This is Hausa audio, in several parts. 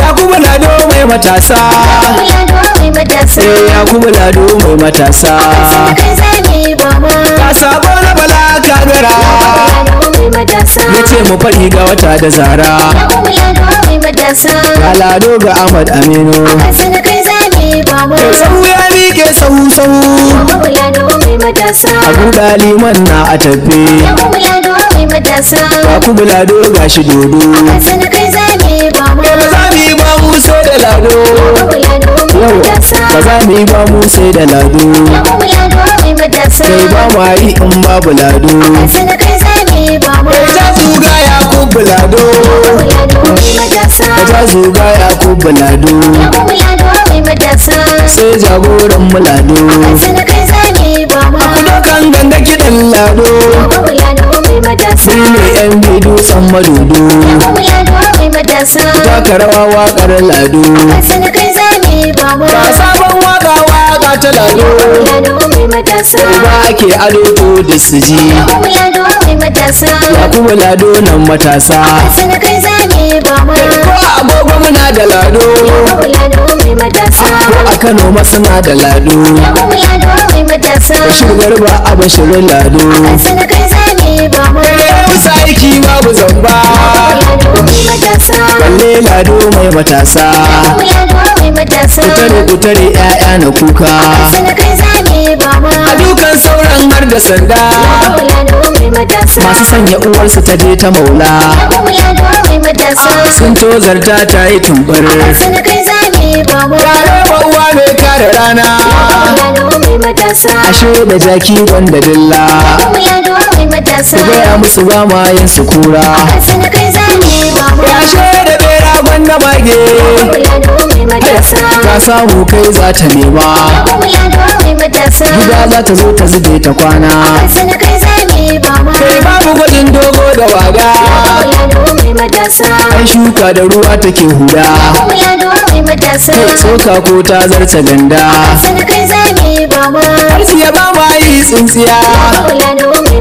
yakubu lado mai matasa eh, ya yakubu lado mai matasa ka sabo na bala ka gara ya ce mu faɗi ga wata da zara ga lado ga ahmad aminu sau ya miƙe sau sau abu Liman na a tafi yakubu lado ga shi dodo da lado ba za mu yi ba mu sai da lado kai ba ma yi in babu lado kai za su ga ya ku bulado kai za su ga ya ku bulado sai jagoran mu lado kan ganga kiɗan lado Sai ne yan bidu san madodo taka rawa wakar lado Hassan sabon waka waka ta lado Lado mai matasa Ba ke ado da su ji Lado matasa ya kuma lado nan matasa sana kai zane ba ma ko agogo muna da lado Ko a Kano ma suna da lado Bashir garba a bashirin lado sana kai zane ba ma kusa aiki babu zamba balle lado mai matasa kutare kutare 'ya'ya na kuka a dukan sauran har da sanda masu sanya uwarsa ta je ta maula sun to zarta ta yi tumbar uwa mai kare rana ashe da jaki wanda dilla ku gaya musu ba ma su kura ashe da bera gwanda mage Ta samu kai za ta nema gida za ta zo ta zube ta kwana kai babu gwajin dogo da waga ai shuka da ruwa take hula kai tsoka ko ta zarta ganda har siya ba ma yi tsintsiya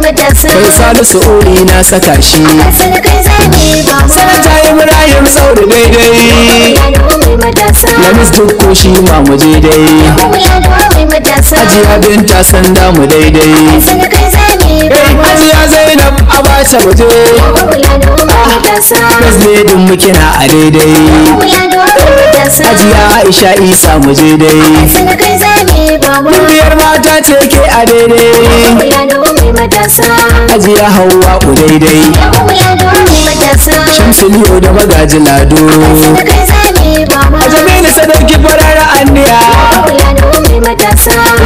Kai sami su uri na saka shi Sanata Ibrahim sauri daidai Lamis dukko shi ma mu dai Ajiya binta san damu daidai eh, Ajiya Zainab Abacha ah, mu je Nazledin mu na a daidai Ajiya Aisha Isa mu je dai Dubiyar mata ce ke a daidai ajiya hawa ku daidai shamsul yau da magaji lado ajami ni sadauki farara anniya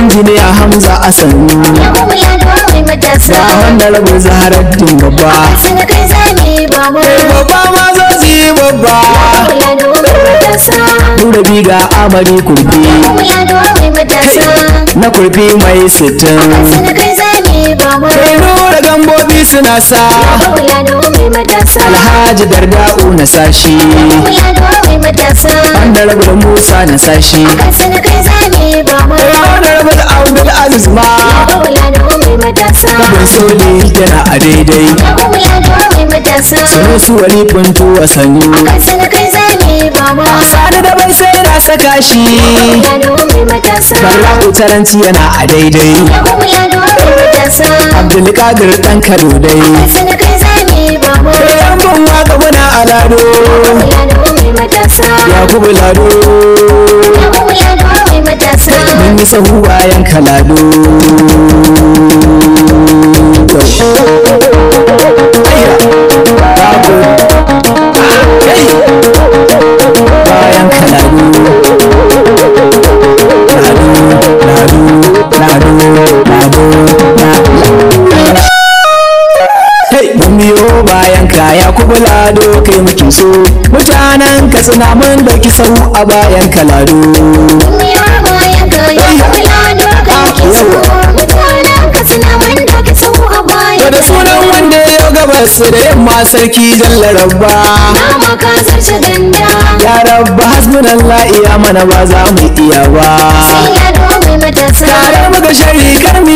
injiniya hamza asanu da wanda rabin ba. babba babba ma zo su yi babba Nura biga amari kurfi na kurfi mai sittin Kai nura gambobi suna sa Alhaji Darda'u na sashi Bandar Gula Musa na sashi Ranar Mata Abdul Aziz ma Kabin Soli yana a daidai Sanu su wani kuntu a sanyu Sani da bai sai na saka shi Barra utaranci yana a daidai sa Abdulkadir dan Kano dai Sana kai zane babo Ran ban waka muna alado Yakubu Lado Yakubu Lado mai matasa Mun yi sahu bayan kalado biyo bayan kaya kubulado kai muke so mutanen ka suna mun da sau a bayan kalado da sunan wanda ya su da yamma sarki jalla rabba na ka zarce danda ya rabba hasbunallah iya mana ba za mu iya ba sai ya domin matasa tare muka shari karmi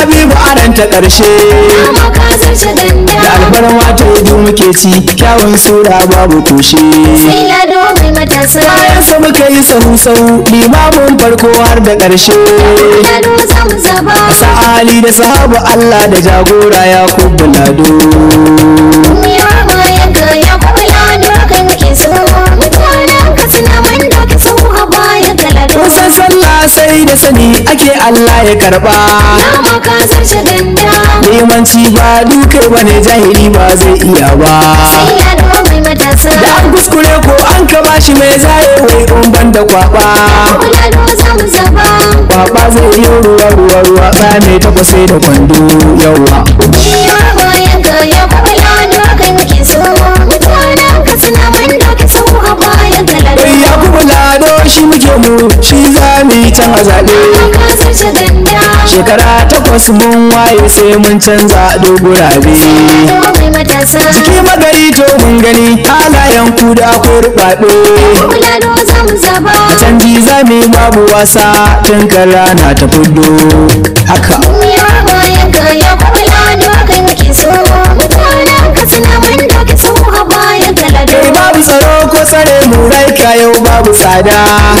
aranta ta ƙarshe da albarma ta hudu muke ci kyawun sura babu tushe bayan sa muka yi sahu sahu limamin farko har da ƙarshe sa'ali da sahabu Allah da jagora ya ya da sani ake Allah ya karba na ka zarce ganda ba ci ba ne, wani jahili ba zai iya ba sai mai matasa da kuskure ko an ka bashi mai zaye wai in ban da kwaba kula zaba kwaba zai yi ruwa ruwa ruwa ba mai takwasai da kwando yawa ni ma bayan ka ya kwaba lawan da kai muke so na can a zaɓe shekara takwas mun waye sai mun canza dogurabe jiki magari to mun gani halayen kuda ko rubaɗo canji zami babu wasa tun rana ta fudo haka babu tsaro ko tsare mu raika yau babu tsada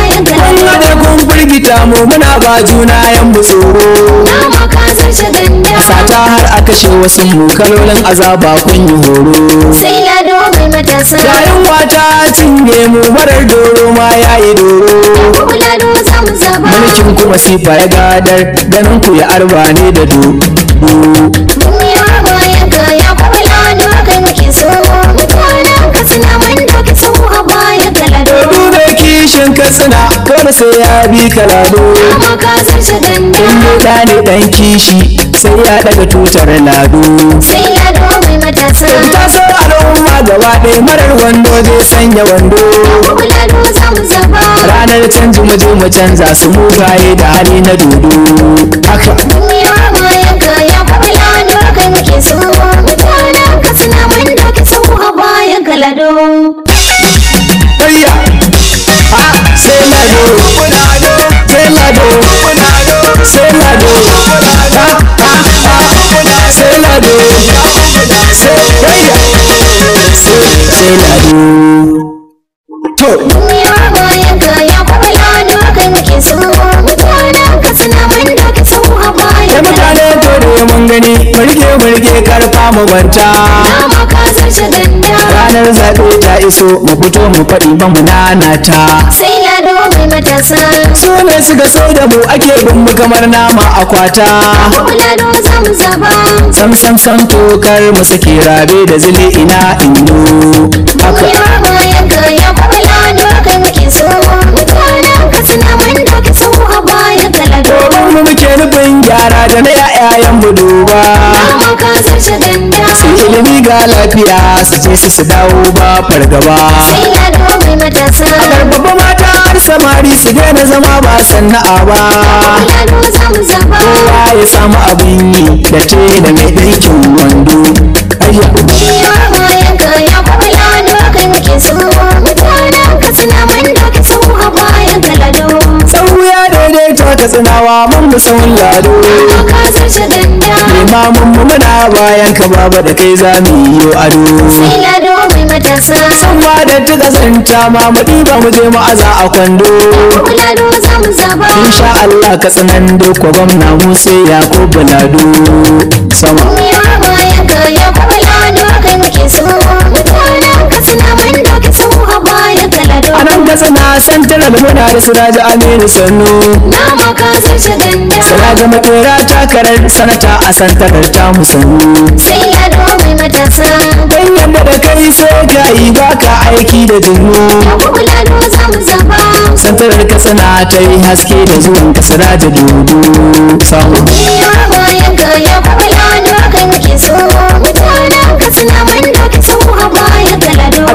Wanda da kun firgita mu muna ba juna yan tsoro Sata har a kashe wasu mu kalolin azaba kun yi horo Sai mai matasa Yayin wata cinye mu marar doro ma yayi doro Mulkin kuma sifa ya gadar ganin ku ya arba ne da do Suna dole sai ya bi kalado in doka ne dan kishi sai ya daga tutar lado sai lado mai matasa taso al'umma gaba ɗaya marar wando zai sanya wando ranar canji mu je mu canza su mugaye da hali na dodo haka sai lado to duniya bayan ka ya kwabala da ka ka a da mutane mun gani mulke mulke karfa mu banta ka danda ranar zaɓe ta iso mu fito mu faɗi ba mu nanata sai mai matasa su ne suka so da mu ake bin kamar nama a kwata mu zaba sam sam sam tokar mu sake rabe da zile ina inu haka su ilimi ga lafiya su je su su dawo ba fargaba garbaba mata har samari su daina zama ba sanna'a ba kowa ya samu abin yi da ce da mai ɗinkin wando ayya Iya bayan ka ya kwamila dokan ta tsinawa mun musamman lado limamin mu muna bayan ka baba da kai za mu yi ado san ma da ta ma mu ɗiba mu je mu aza a kwando insha Allah ka tsinan ko gwamna mu sai ya ko balado sama zainab tana da siraji aminu sannu na maka sun sanata a santakar ta musannu sai ya mai matasa ganyen da kai sai ka yi baka aiki da dunu ya da zaba ka ta yi haske da zuwan ka siraji dudu samu a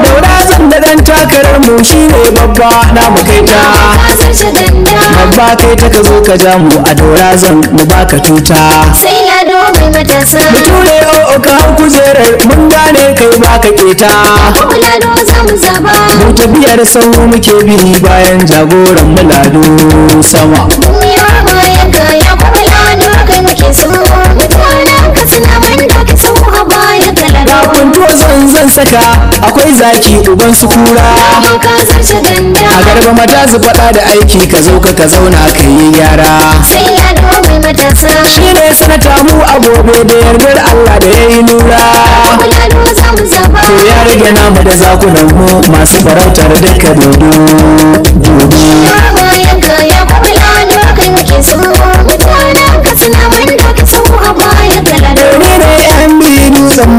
daura zan da dan takarar mu shine babba na cuta babba kai ta ka zo ka ja mu a daura zan mu baka cuta sai lado mai matasa bature o oh, oh, ka hau kujerar mun gane kai baka keta lado za mu zaba mu tafiyar sauro muke bi bayan jagoran mu lado sama mu yawa bayan ga ya kuma lado kai muke so saka akwai zaki uban su kura a garba mata su faɗa da aiki ka zo ka zauna ka yi gyara shi ne sanata mu agogo da yardar allah da ya yi nura to ya rage namu da zakunan mu masu farautar duka dodo dodo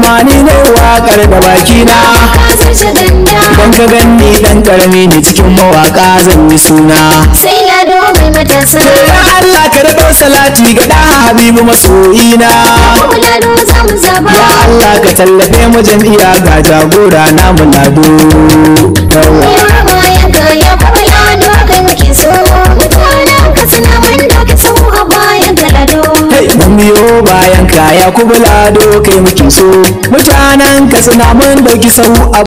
dama ni ne wakar da bakina Don ka ganni dan karami ne cikin mawaka zan yi suna Sai lado mai matasa ya Allah ka rado salati ga da habibu masoyina Ya Allah ka tallafe mu jami'a ga jagora namu lado ya kubula dokai muke so mutanen ka suna mun dauki sau